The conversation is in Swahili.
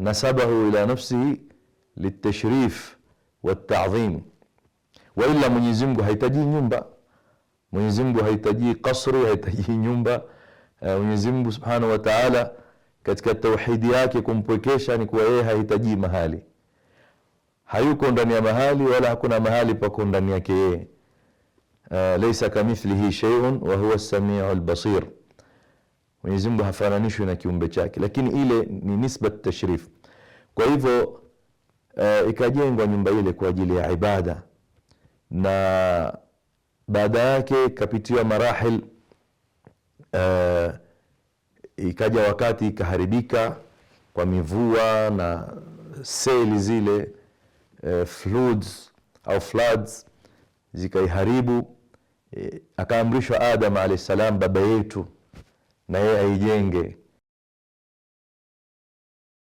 nasabahu ila nafsihi litashrif watadhim. Waila, Mwenyezi Mungu hahitaji nyumba, Mwenyezi Mungu hahitaji kasri, hahitaji nyumba. Mwenyezi Mungu Subhanahu wa Ta'ala katika tauhidi yake kumpwekesha ni kuwa yeye hahitaji mahali, hayuko ndani ya mahali wala hakuna mahali pako ndani yake yeye. Uh, laisa kamithlihi shay'un wa huwa as-sami'ul basir Mwenyezi Mungu hafananishwi na kiumbe chake, lakini ile ni nisbat tashrif. Kwa hivyo e, ikajengwa nyumba ile kwa ajili ya ibada na baada yake ikapitiwa marahil e, ikaja wakati ikaharibika kwa mivua na seli zile e, floods au floods zikaiharibu. E, akaamrishwa Adam alayhi salam, baba yetu na yeye aijenge